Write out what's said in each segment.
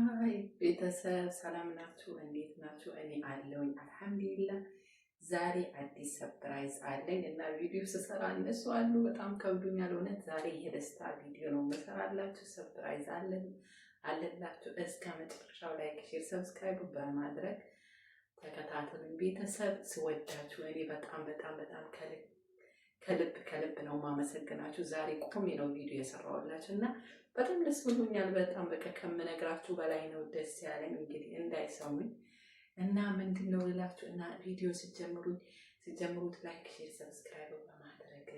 አይ ቤተሰብ ሰላም ናችሁ? እንዴት ናችሁ? እኔ አለውኝ አልሐምዱሊላህ። ዛሬ አዲስ ሰፕራይዝ አለኝ እና ቪዲዮ ስሰራ እነሱ አሉ በጣም ከብዱኛል። እውነት ዛሬ የደስታ ቪዲዮ ነው መሰራላችሁ። ሰፕራይዝ አለን አለላችሁ። እስከ መጨረሻው ላይክ፣ ሼር፣ ሰብስክራይብ በማድረግ ተከታተሉኝ ቤተሰብ። ስወዳችሁ እኔ በጣም በጣም በጣም ከልብ ከልብ ከልብ ነው ማመሰግናችሁ። ዛሬ ቆሜ ነው ቪዲዮ የሰራሁላችሁ እና በጣም ደስ ብሎኛል። በጣም በቃ ከምነግራችሁ በላይ ነው ደስ ያለኝ። እንግዲህ እንዳይሰሙኝ እና ምንድን ነው ልላችሁ እና ቪዲዮ ስጀምሩት ስጀምሩት ላይክ፣ ሼር፣ ሰብስክራይብ በማድረግ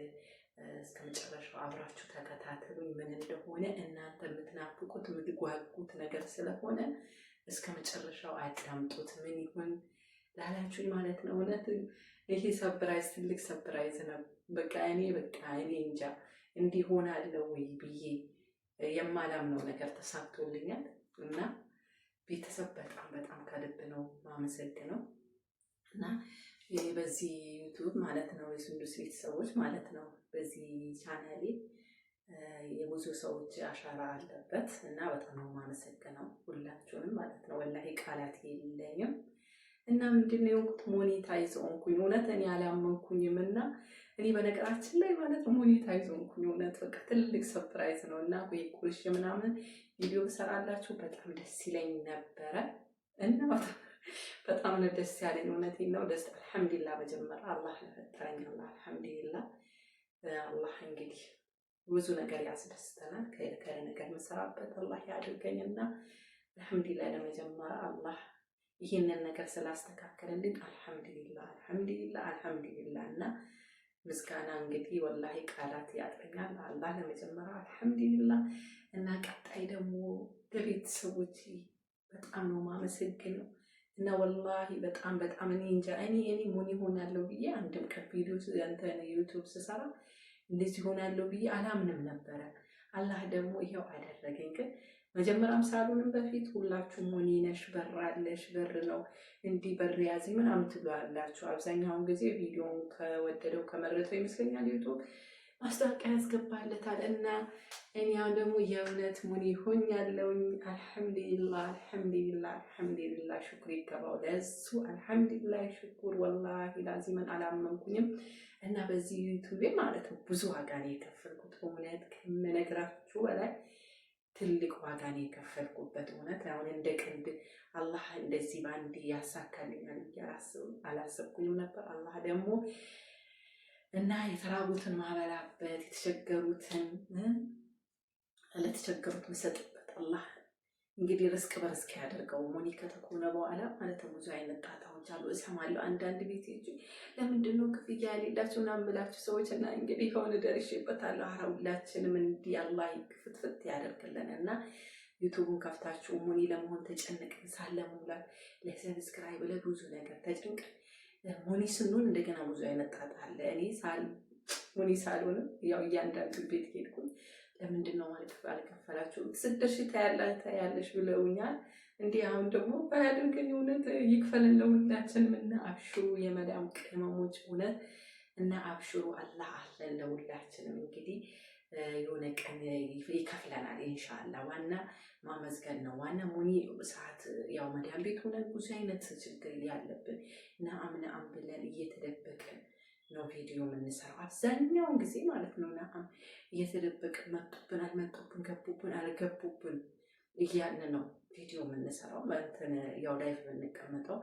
እስከ መጨረሻው አብራችሁ ተከታተሉ። ምን እንደሆነ እናንተ የምትናፍቁት የምትጓጉት ነገር ስለሆነ እስከ መጨረሻው አዳምጡት። ምን ይሆን ላላችሁኝ ማለት ነው እውነት ይሄ ሰብራይዝ ትልቅ ሰብራይዝ ነበር። በቃ እኔ በቃ እኔ እንጃ እንዲሆናለው ወይ ብዬ የማላምነው ነገር ተሳክቶልኛል እና ቤተሰብ በጣም በጣም ከልብ ነው ማመሰግነው እና በዚህ ዩቱብ ማለት ነው የስንዱስ ቤተሰቦች ማለት ነው በዚህ ቻናሌ የብዙ ሰዎች አሻራ አለበት እና በጣም ነው ማመሰግነው ሁላችሁንም ማለት ነው። ወላሂ ቃላት የለኝም እና ምንድን ነው የወቅት ሞኔታይዝ ሆንኩኝ እውነት እኔ አላመንኩኝም እና እኔ በነገራችን ላይ ማለት ሞኔታይዝ ሆንኩኝ። እውነት በቃ ትልቅ ሰርፕራይዝ ነው እና ወይ ቁርሽ ምናምን ቪዲዮ ሰራላችሁ በጣም ደስ ይለኝ ነበረ እና በጣም ነው ደስ ያለኝ። እውነቴን ነው ደስ አልሐምዱሊላ። በጀመር አላህ ለፈጠረኝ አላህ አልሐምዱሊላ። አላህ እንግዲህ ብዙ ነገር ያስደስተናል። ከከረ ነገር መሰራበት አላህ ያድርገኝና አልሐምዱሊላ ለመጀመር አላህ ይህንን ነገር ስላስተካከለልኝ አልሐምዱሊላ አልሐምዱሊላ አልሐምዱሊላ እና ምስጋና እንግዲህ ወላሂ ቃላት ያጥረኛል። አላህ ለመጀመሪያ አልሐምዱሊላህ እና ቀጣይ ደግሞ በቤተሰቦች በጣም ነው ማመሰግነው እና ወላሂ በጣም በጣም እኔ እንጃ እኔ እኔ ሞን ይሆናለሁ ብዬ አንድም ቀን ቪዲዮ ያንተን ዩቱብ ስሰራ እንደዚህ ይሆናለሁ ብዬ አላምንም ነበረ። አላህ ደግሞ ይኸው አደረገኝ ግን መጀመሪያም ሳሉንም በፊት ሁላችሁም ነሽ በራለሽ በር ነው እንዲህ በር ያዝ ምናምን ትሏላችሁ። አብዛኛውን ጊዜ ቪዲዮውን ከወደደው ከመረጠው ይመስለኛል ዩቱብ ማስታወቂያ ያስገባለታል። እና እኔ አሁን ደግሞ የእውነት ሙኒ ሆኝ ያለውኝ አልሐምዱሊላ አልሐምዱሊላ አልሐምዱሊላ ሽኩር ይገባው ለሱ አልሐምዱሊላ ሽኩር ወላሂ ላዚመን አላመንኩኝም። እና በዚህ ዩቱቤ ማለት ነው ብዙ ዋጋ ነው የከፈልኩት እውነት ከምነግራችሁ በላይ ትልቅ ዋጋ ነው የከፈልኩበት እውነት አሁን እንደ ቅንድ አላህ እንደዚህ በአንድ ያሳካልኛል አላሰብኩኝም ነበር። አላህ ደግሞ እና የተራቡትን ማበላበት የተቸገሩትን ለተቸገሩት ምሰጥበት አላህ እንግዲህ ርስቅ በርስቅ ያደርገው ሞኒ ከተኮነ በኋላ ማለት ብዙ አይነት ጣጣ ሰዎች አሉ እሰማለሁ። አንዳንድ ቤት ሄጄ ለምንድን ነው ክፍያ ያሌላቸው እና የምላችሁ ሰዎች እና እንግዲህ የሆነ ደርሼበታለሁ። ኧረ ሁላችንም እንዲህ አላህ ፍትፍት ያደርግልን እና ዩቱቡን ከፍታችሁ ሙኒ ለመሆን ተጨንቅን ሳለ መሙላት ለሰብስክራይብ ለብዙ ነገር ተጨንቀን ሙኒ ስንሆን እንደገና ብዙ አይነት ጣጣ አለ። እኔ ሙኒ ሳልሆንም ያው እያንዳንዱ ቤት ሄድኩኝ። ለምንድን ነው ማለት አልከፈላችሁም ስደርሽ ታያለሽ ብለውኛል። እንዲህ አሁን ደግሞ ባያደርገን እውነት ይክፈልን ለሁላችንም። እና አብሽሩ የመዳም ቅመሞች እውነት እና አብሽሩ አላህ አለን ለሁላችንም። እንግዲህ የሆነ ቀን ይከፍለናል ኢንሻአላህ። ዋና ማመዝገን ነው ዋና ሙኒ ሰዓት ያው መዳም ቤት ሆነን ብዙ አይነት ችግር ያለብን እና አምነ ብለን እየተደበቅን ነው ቪዲዮ የምንሰራው አብዛኛውን ጊዜ ማለት ነው። እና እየተደበቅን መጡብን አልመጡብን ገቡብን አልገቡብን ያን ነው ቪዲዮ የምንሰራው እንትን ያው ላይፍ የምንቀመጠው።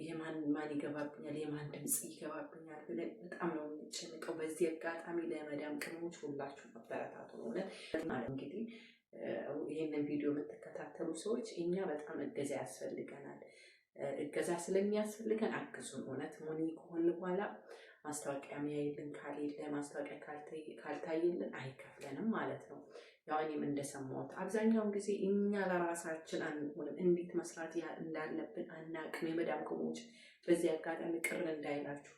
ይሄ ማን ማን ይገባብኛል፣ የማን ድምፅ ይገባብኛል ብለን በጣም ነው የምንጨንቀው። በዚህ አጋጣሚ ለመዳም ቅመሞች ሁላችሁ መበረታቱ እውነት እንግዲህ ይህንን ቪዲዮ የምትከታተሉ ሰዎች እኛ በጣም እገዛ ያስፈልገናል። እገዛ ስለሚያስፈልገን አግዙን። እውነት ሞኒ ከሆን በኋላ ማስታወቂያ ሚያይልን ካሌለ ማስታወቂያ ካልታየልን አይከፍለንም ማለት ነው። ያው እኔም እንደሰማሁት አብዛኛውን ጊዜ እኛ ለራሳችን አንሆንም፣ እንዴት መስራት እንዳለብን አናቅም። የመዳም ቅሞች በዚህ አጋጣሚ ቅር እንዳይላችሁ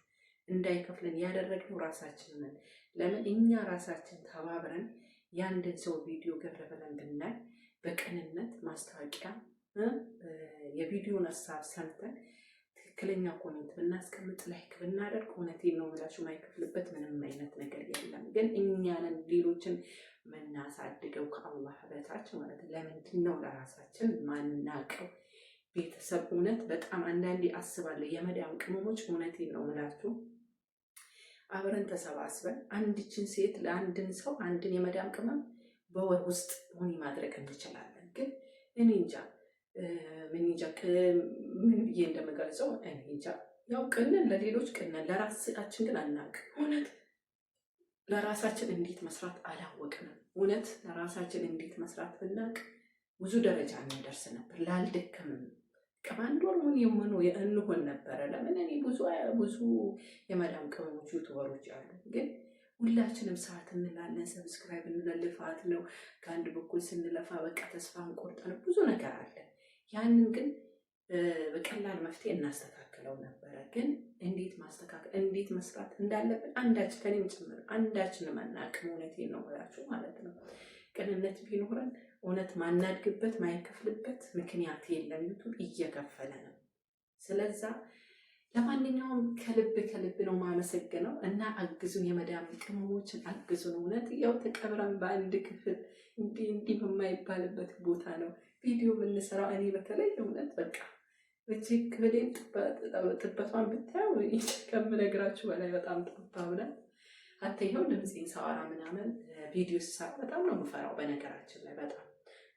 እንዳይከፍልን ያደረግነው ራሳችን ነን። ለምን እኛ ራሳችን ተባብረን የአንድን ሰው ቪዲዮ ገር ብለን ብናይ በቅንነት ማስታወቂያ የቪዲዮን ሀሳብ ሰምተን ትክክለኛ ኮሜንት ብናስቀምጥ ላይክ ብናደርግ እውነቴን ነው የምላችሁ፣ ማይከፍልበት ምንም አይነት ነገር የለም። ግን እኛንን ሌሎችን የምናሳድገው ከአላህ በታች ማለት ለምንድን ነው ለራሳችን ማናቀው? ቤተሰብ እውነት በጣም አንዳንዴ አስባለሁ። የመዳም ቅመሞች እውነት ነው ምላችሁ አብረን ተሰባስበን አንድችን ሴት ለአንድን ሰው አንድን የመዳም ቅመም በወር ውስጥ ሆኒ ማድረግ እንችላለን። ግን እኔ እንጃ ምን እንጃ ምን ብዬ እንደምገልጸው እኔ እንጃ። ያው ቅንን ለሌሎች ቅንን ለራሳችን ግን አናቅ እውነት ለራሳችን እንዴት መስራት አላወቅንም። እውነት ለራሳችን እንዴት መስራት ብናቅ ብዙ ደረጃ እንደርስ ነበር። ላልደከምም በአንድ ወር ምን የምኖ እንሆን ነበረ። ለምን እኔ ብዙ ብዙ የመዳም ቅመሞች ዩቱበሮች አሉ፣ ግን ሁላችንም ሰዓት እንላለን፣ ሰብስክራይብ እንላለን። ልፋት ነው። ከአንድ በኩል ስንለፋ በቃ ተስፋ እንቆርጣለን። ብዙ ነገር አለ። ያንን ግን በቀላል መፍትሄ እናስተካክለው ነበረ። ግን እንዴት ማስተካከል እንዴት መስራት እንዳለብን አንዳች ከኔም ጭምር አንዳችን አናውቅም። እውነቴን ነው የምላችሁ ማለት ነው። ቅንነት ቢኖረን እውነት ማናድግበት ማይከፍልበት ምክንያት የለም። ዩቱብ እየከፈለ ነው። ስለዛ ለማንኛውም ከልብ ከልብ ነው ማመሰግነው እና አግዙን፣ የመዳም ቅመሞችን አግዙን። እውነት ያው ተቀብረን በአንድ ክፍል እንዲህ እንዲህ በማይባልበት ቦታ ነው ቪዲዮ የምንሰራው። እኔ በተለይ እውነት በቃ እቺ ክፍሌን ጥበቷን ብታየው ከምነግራችሁ በላይ በጣም ጥብታ ላይ አተይኸው ድምፄን ሰዋራ ምናምን ቪዲዮ ስሰራ በጣም ነው የምፈራው። በነገራችን ላይ በጣም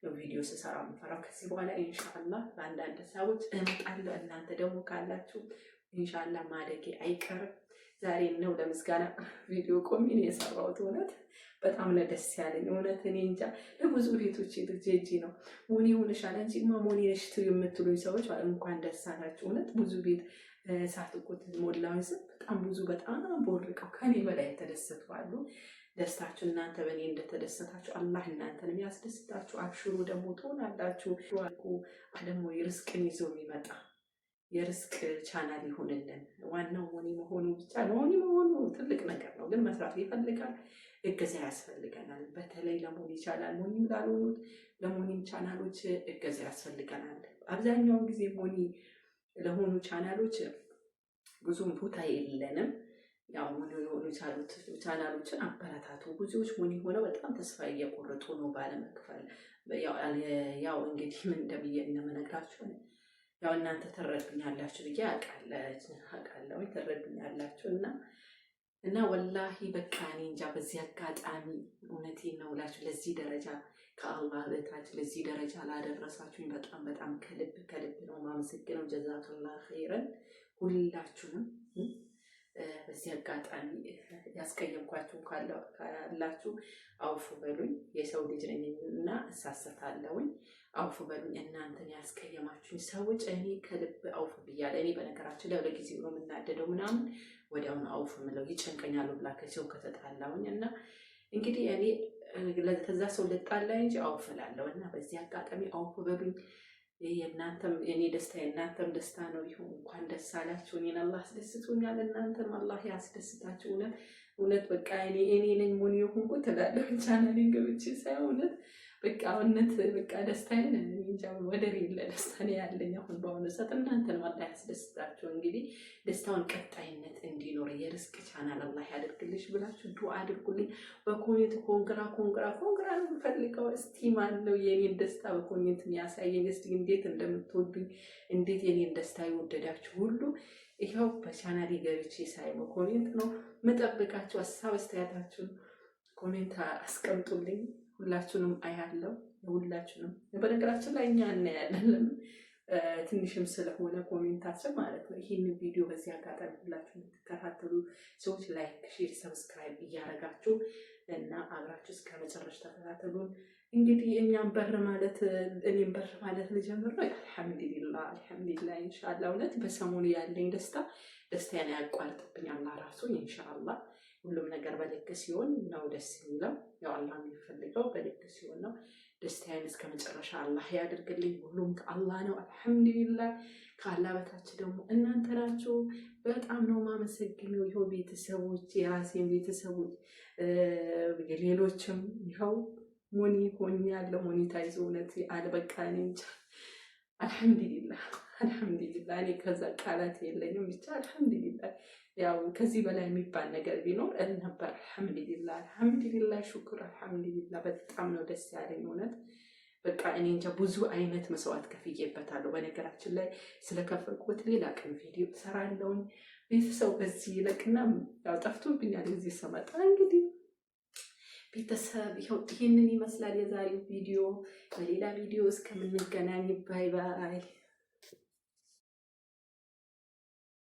ነው ቪዲዮ ስሰራ የምፈራው። ከዚህ በኋላ ኢንሻላ በአንዳንድ ሰዎች እመጣለሁ። እናንተ ደግሞ ካላችሁ ኢንሻላ ማደጌ አይቀርም። ዛሬ ነው ለምስጋና ቪዲዮ ቆሚን ነው የሰራሁት እውነት በጣም ለደስ ያለኝ። እውነት እኔ እንጃ ለብዙ ቤቶች ጄጂ ነው ሞኔ ሆነሻል እንጂ ማሞኒ ሞኔ የምትሉኝ ሰዎች እንኳን ደስ አላችሁ። እውነት ብዙ ቤት ሳትቆት ሞላውን ስም በጣም ብዙ በጣም በወርቀው ከኔ በላይ የተደሰቱ አሉ። ደስታችሁ እናንተ በእኔ እንደተደሰታችሁ አላህ እናንተን የሚያስደስታችሁ አብሽሩ ደግሞ ትሆናላችሁ። ደግሞ የርስቅን ይዞ የሚመጣ የርስቅ ቻናል ይሆንልን። ዋናው ሞኔ መሆኑ ብቻ ለሞኔ መሆኑ ትልቅ ነገር ነው፣ ግን መስራት ይፈልጋል። እገዛ ያስፈልገናል። በተለይ ለሞኒ ቻናል ሞኒም ላልሆኑት ለሞኒ ቻናሎች እገዛ ያስፈልገናል። አብዛኛውን ጊዜ ሞኒ ለሆኑ ቻናሎች ብዙም ቦታ የለንም። ያው ሞኒ የሆኑ ቻናሎችን አበረታቱ። ብዙዎች ሞኒ ሆነው በጣም ተስፋ እየቆረጡ ነው ባለመክፈል። ያው እንግዲህ ምን እንደብዬ እንደምነግራችሁ ያው እናንተ ተረዱኛላችሁ ብዬ አውቃለሁ። ተረዱኛላችሁ እና እና ወላሂ በቃ እኔ እንጃ በዚህ አጋጣሚ እውነቴን ነው እላችሁ ለዚህ ደረጃ ከአላህ በታች ለዚህ ደረጃ ላደረሳችሁኝ በጣም በጣም ከልብ ከልብ ነው ማመሰግነው። ጀዛከላህ ኸይረን ሁላችሁንም በዚህ አጋጣሚ ያስቀየምኳችሁ ካላችሁ አውፉ በሉኝ። የሰው ልጅ ነኝ እና እሳሰታለሁኝ። አውፉ በሉኝ። እናንተን ያስቀየማችሁኝ ሰዎች እኔ ከልብ አውፉ ብያለሁ። እኔ በነገራችን ለሁለ ጊዜ ነው የምናደደው ምናምን ወዲያውኑ አውፉ ምለው ይጨንቀኛሉ ብላ ከሰው ከተጣላውኝ እና እንግዲህ እኔ ከዛ ሰው ልጣላ እንጂ አውፍላለሁ እና በዚህ አጋጣሚ አውፉ በሉኝ። የእናንተም የኔ ደስታ የእናንተም ደስታ ነው። ይሁን እንኳን ደስ አላችሁ። እኔን አላህ አስደስቶኛል፣ እናንተም አላህ ያስደስታችሁ። እውነት እውነት በቃ እኔ እኔ ነኝ ሆን የሆንኩ ትላለሁ። ቻናሌን ገብቼ ሳይ እውነት በቃ እውነት በቃ ደስታዬን ወደር የለ ደስታ ያለኝ አሁን በአሁኑ ሰዓት። ነው አላህ ያስደስታችሁ። እንግዲህ ደስታውን ቀጣይነት እንዲኖር የርስቅ ቻናል አላህ ያደርግልሽ ብላችሁ ዱዓ አድርጉልኝ በኮሜንት ኮንግራ ኮንግራ ኮንግራ ነው ፈልገው እስቲ ማለው የኔን ደስታ በኮሜንት የሚያሳየኝ እስቲ እንዴት እንደምትወዱኝ እንዴት የኔን ደስታ የወደዳችሁ ሁሉ ይኸው በቻናል ገብቼ ሳይ በኮሜንት ነው ምጠብቃችሁ። ሀሳብ አስተያየታችሁን ኮሜንት አስቀምጡልኝ። ሁላችሁንም አያለው ሁላችሁንም። በነገራችን ላይ እኛ እናያለን። ትንሽም ስለሆነ ኮሜንታችን ማለት ነው። ይህንን ቪዲዮ በዚህ አጋጣሚ ሁላችሁ የምትከታተሉ ሰዎች ላይክ፣ ሼር፣ ሰብስክራይብ እያደረጋችሁ እና አብራችሁ እስከ መጨረሻ ተከታተሉን። እንግዲህ እኛም በር ማለት እኔም በር ማለት ልጀምር ነው። አልሐምዱሊላ አልሐምዱሊላ። ኢንሻላ እውነት በሰሞኑ ያለኝ ደስታ ደስታን ያቋርጥብኛል። ራሱ እንሻላ ሁሉም ነገር በልክ ሲሆን ነው ደስ የሚለው። ያው አላህ የሚፈልገው በልክ ሲሆን ነው። ደስታዬን እስከ መጨረሻ አላህ ያደርግልኝ። ሁሉም ከአላህ ነው። አልሐምዱሊላህ ከአላህ በታች ደግሞ እናንተ ናችሁ። በጣም ነው ማመሰግነው። ይኸው ቤተሰቦች፣ የራሴን ቤተሰቦች፣ የሌሎችም ይኸው ሞኒ ሆኛለሁ። ሞኒታይዝ እውነት አልበቃ እኔ እንጃ አልሐምዱሊላህ አልሐምዱሊላህ። እኔ ከዛ ቃላት የለኝም። ብቻ አልሐምዱሊላህ። ያው ከዚህ በላይ የሚባል ነገር ቢኖር እል ነበር። አልሐምዱሊላህ አልሐምዱሊላህ፣ ሹክር አልሐምዱሊላህ። በጣም ነው ደስ ያለኝ እውነት። በቃ እኔ እንጃ ብዙ አይነት መስዋዕት ከፍዬበታለሁ። በነገራችን ላይ ስለከፈልኩበት ሌላ ቀን ቪዲዮ ሰራለውኝ። ቤተሰብ በዚህ ይለቅና ጠፍቶብኛል እዚህ ስመጣ እንግዲህ ቤተሰብ ይህንን ይመስላል የዛሬው ቪዲዮ። በሌላ ቪዲዮ እስከምንገናኝ ባይ ባይ።